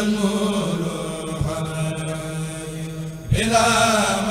النور خرج بلا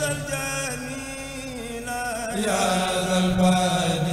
ذا الجميل يا ذا الفضل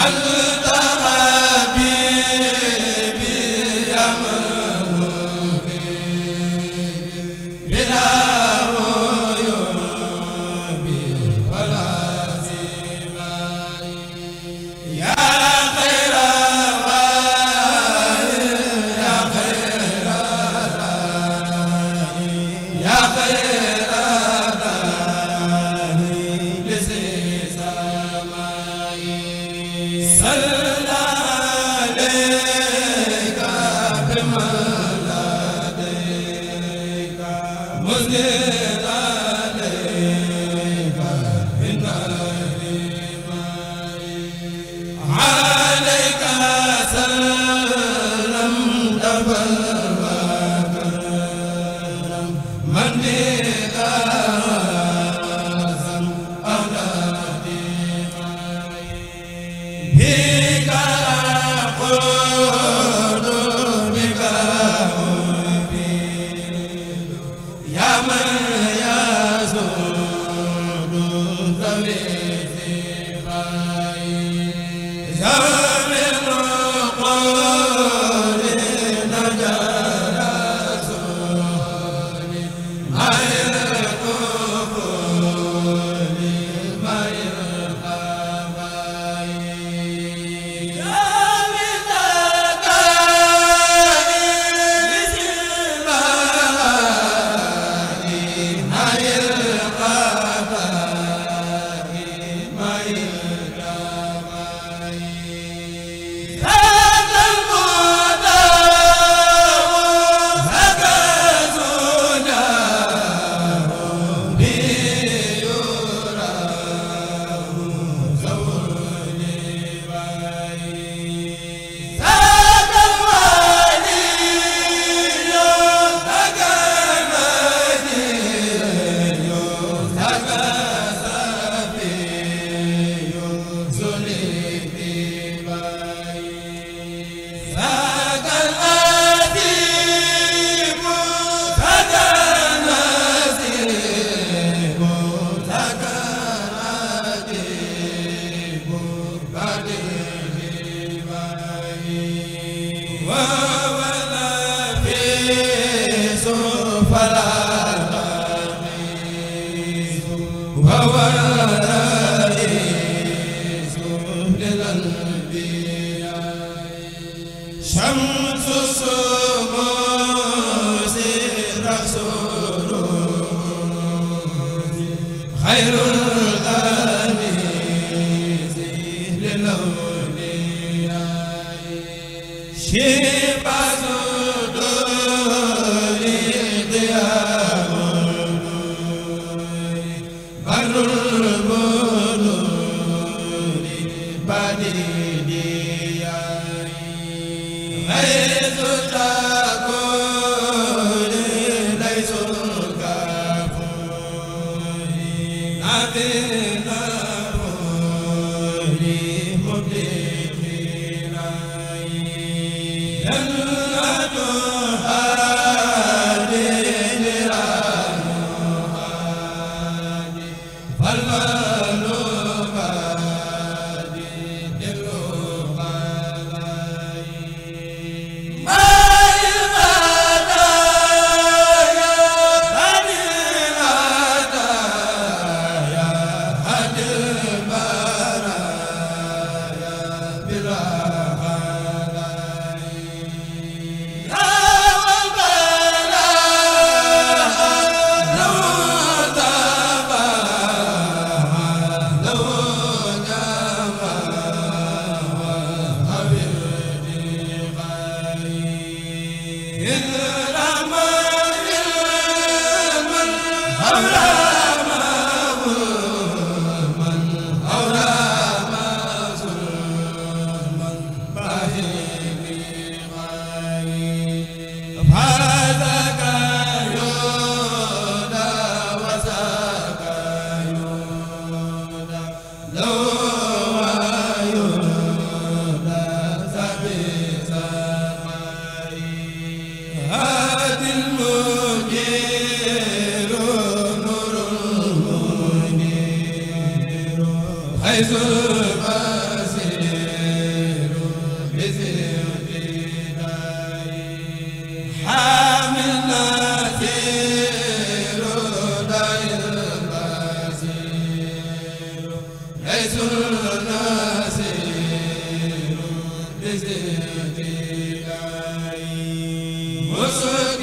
al wa wa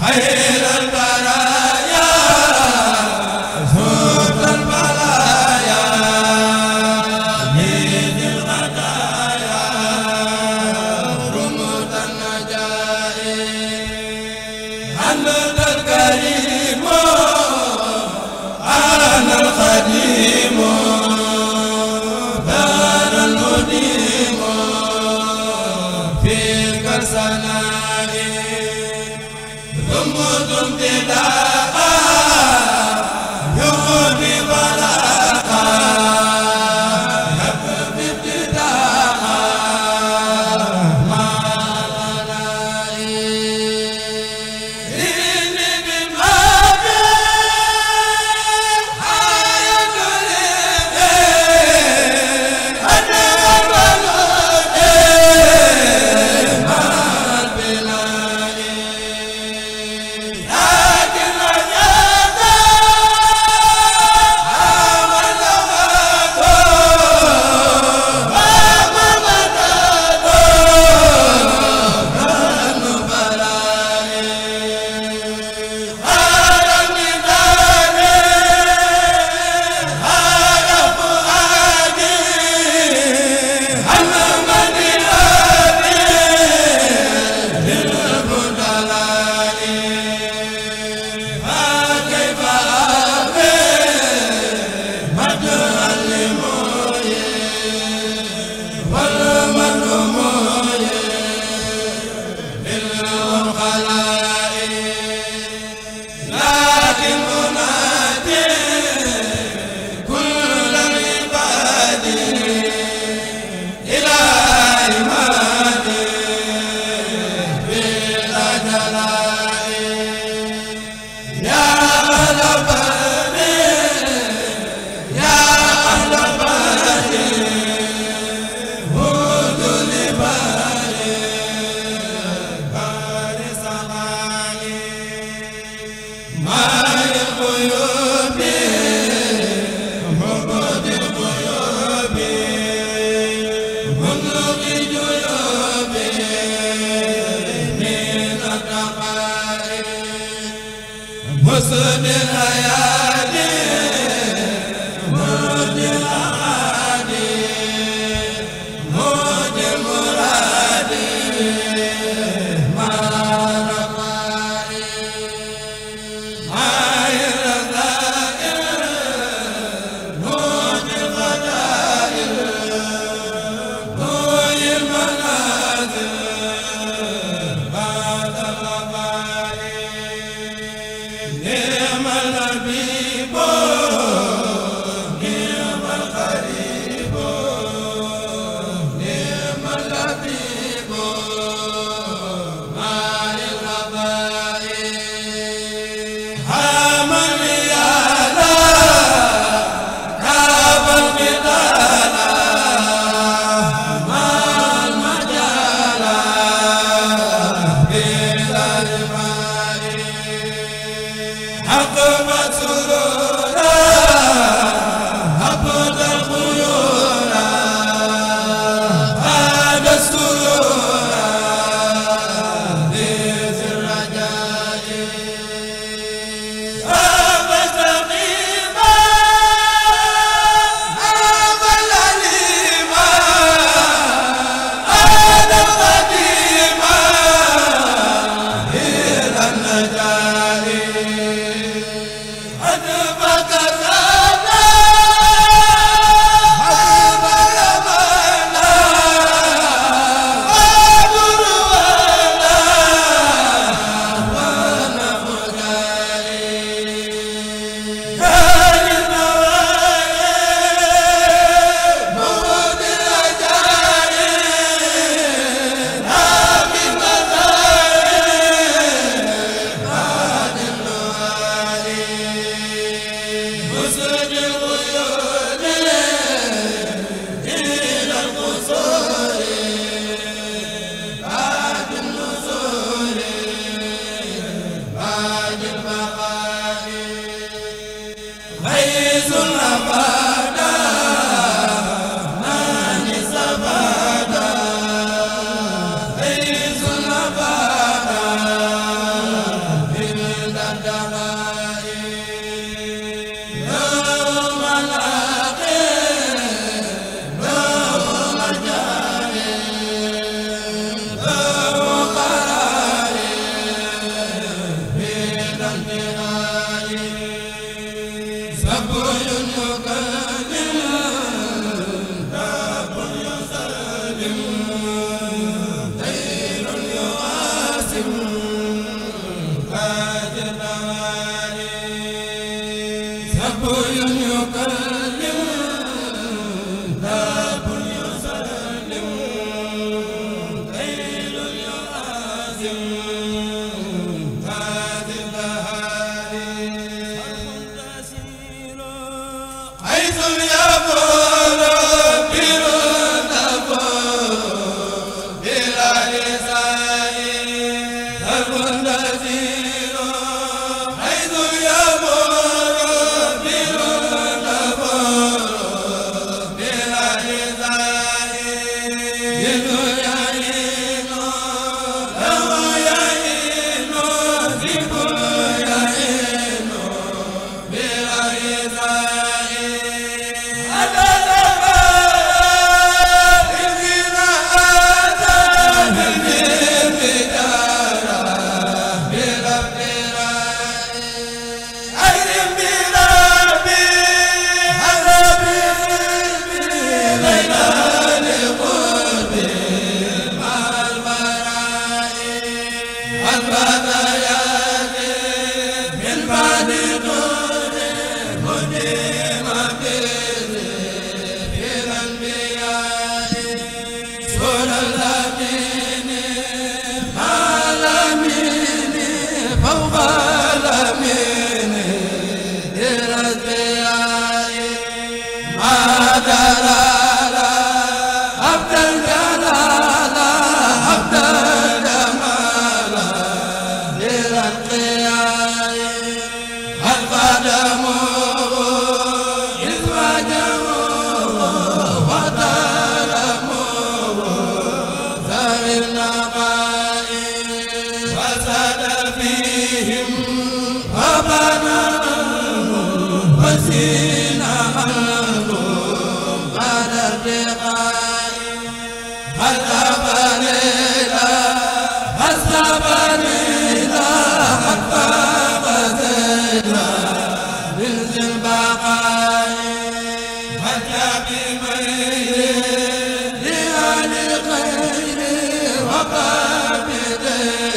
Hey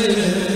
Yeah.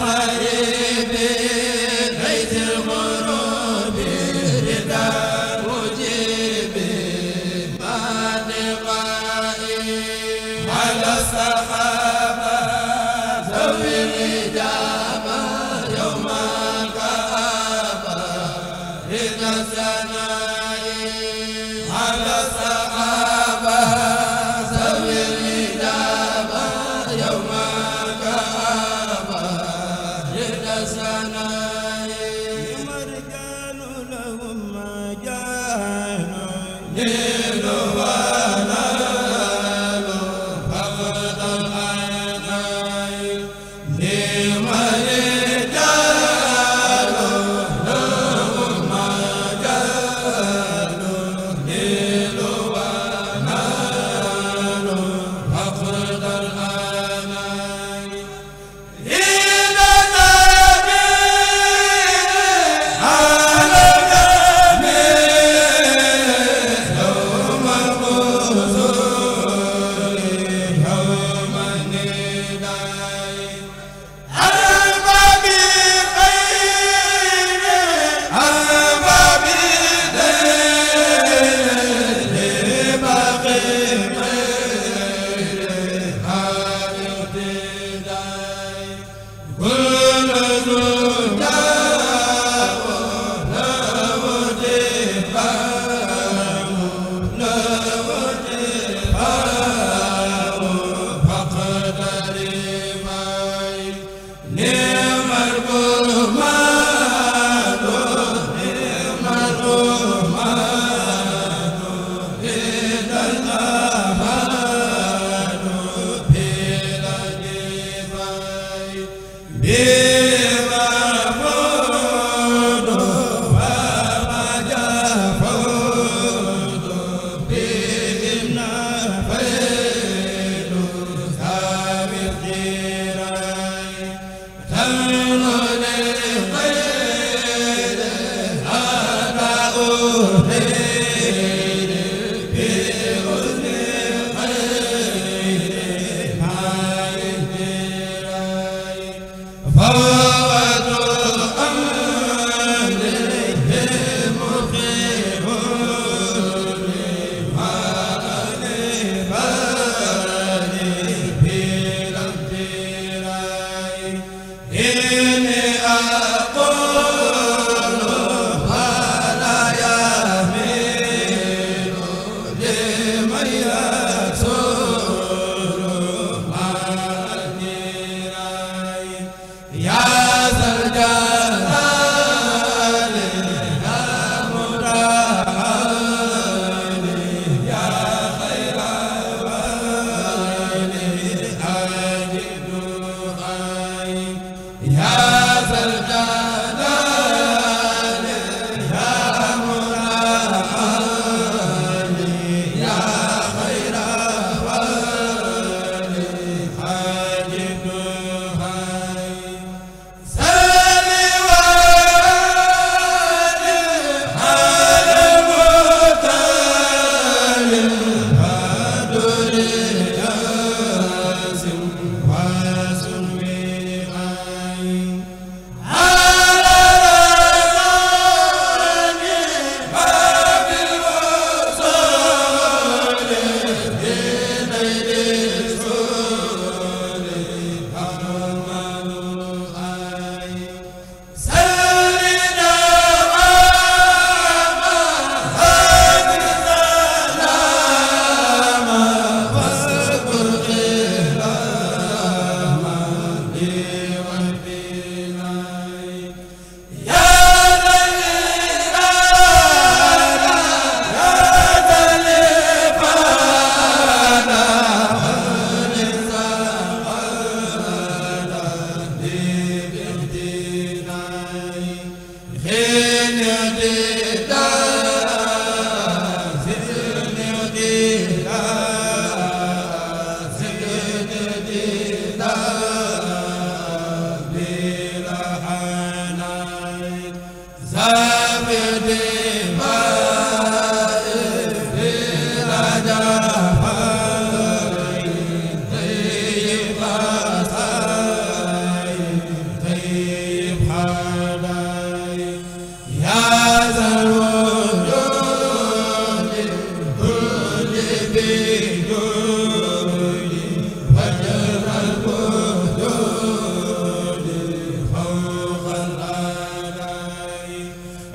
xare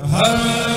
ha